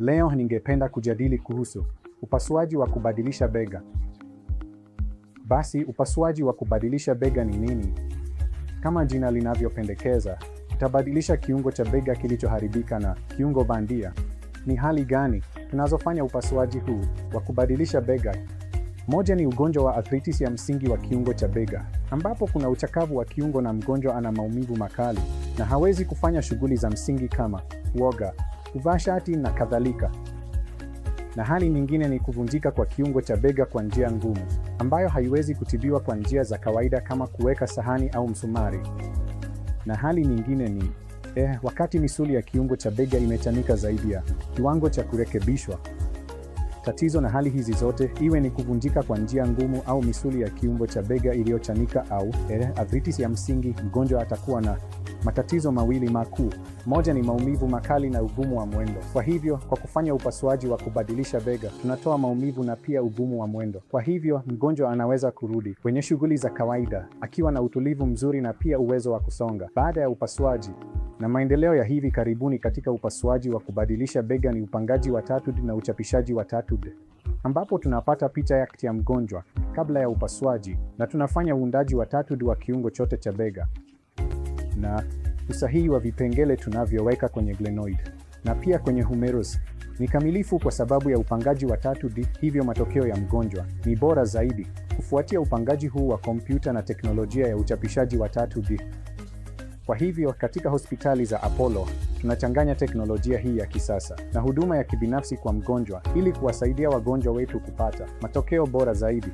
Leo ningependa kujadili kuhusu upasuaji wa kubadilisha bega. Basi, upasuaji wa kubadilisha bega ni nini? Kama jina linavyopendekeza, utabadilisha kiungo cha bega kilichoharibika na kiungo bandia. Ni hali gani tunazofanya upasuaji huu wa kubadilisha bega? Moja ni ugonjwa wa arthritis ya msingi wa kiungo cha bega, ambapo kuna uchakavu wa kiungo na mgonjwa ana maumivu makali na hawezi kufanya shughuli za msingi kama kuoga, kuvaa shati na kadhalika. Na hali nyingine ni kuvunjika kwa kiungo cha bega kwa njia ngumu, ambayo haiwezi kutibiwa kwa njia za kawaida kama kuweka sahani au msumari. Na hali nyingine ni eh, wakati misuli ya kiungo cha bega imechanika zaidi ya kiwango cha kurekebishwa. Tatizo na hali hizi zote, iwe ni kuvunjika kwa njia ngumu au misuli ya kiumbo cha bega iliyochanika au eh, arthritis ya msingi, mgonjwa atakuwa na matatizo mawili makuu. Moja ni maumivu makali na ugumu wa mwendo. Kwa hivyo, kwa kufanya upasuaji wa kubadilisha bega, tunatoa maumivu na pia ugumu wa mwendo. Kwa hivyo, mgonjwa anaweza kurudi kwenye shughuli za kawaida akiwa na utulivu mzuri na pia uwezo wa kusonga baada ya upasuaji na maendeleo ya hivi karibuni katika upasuaji wa kubadilisha bega ni upangaji wa 3D na uchapishaji wa 3D, ambapo tunapata picha kti ya mgonjwa kabla ya upasuaji na tunafanya uundaji wa 3D wa kiungo chote cha bega na usahihi wa vipengele tunavyoweka kwenye glenoid na pia kwenye humerus ni kamilifu kwa sababu ya upangaji wa 3D, hivyo matokeo ya mgonjwa ni bora zaidi kufuatia upangaji huu wa kompyuta na teknolojia ya uchapishaji wa 3D. Kwa hivyo katika hospitali za Apollo tunachanganya teknolojia hii ya kisasa na huduma ya kibinafsi kwa mgonjwa ili kuwasaidia wagonjwa wetu kupata matokeo bora zaidi.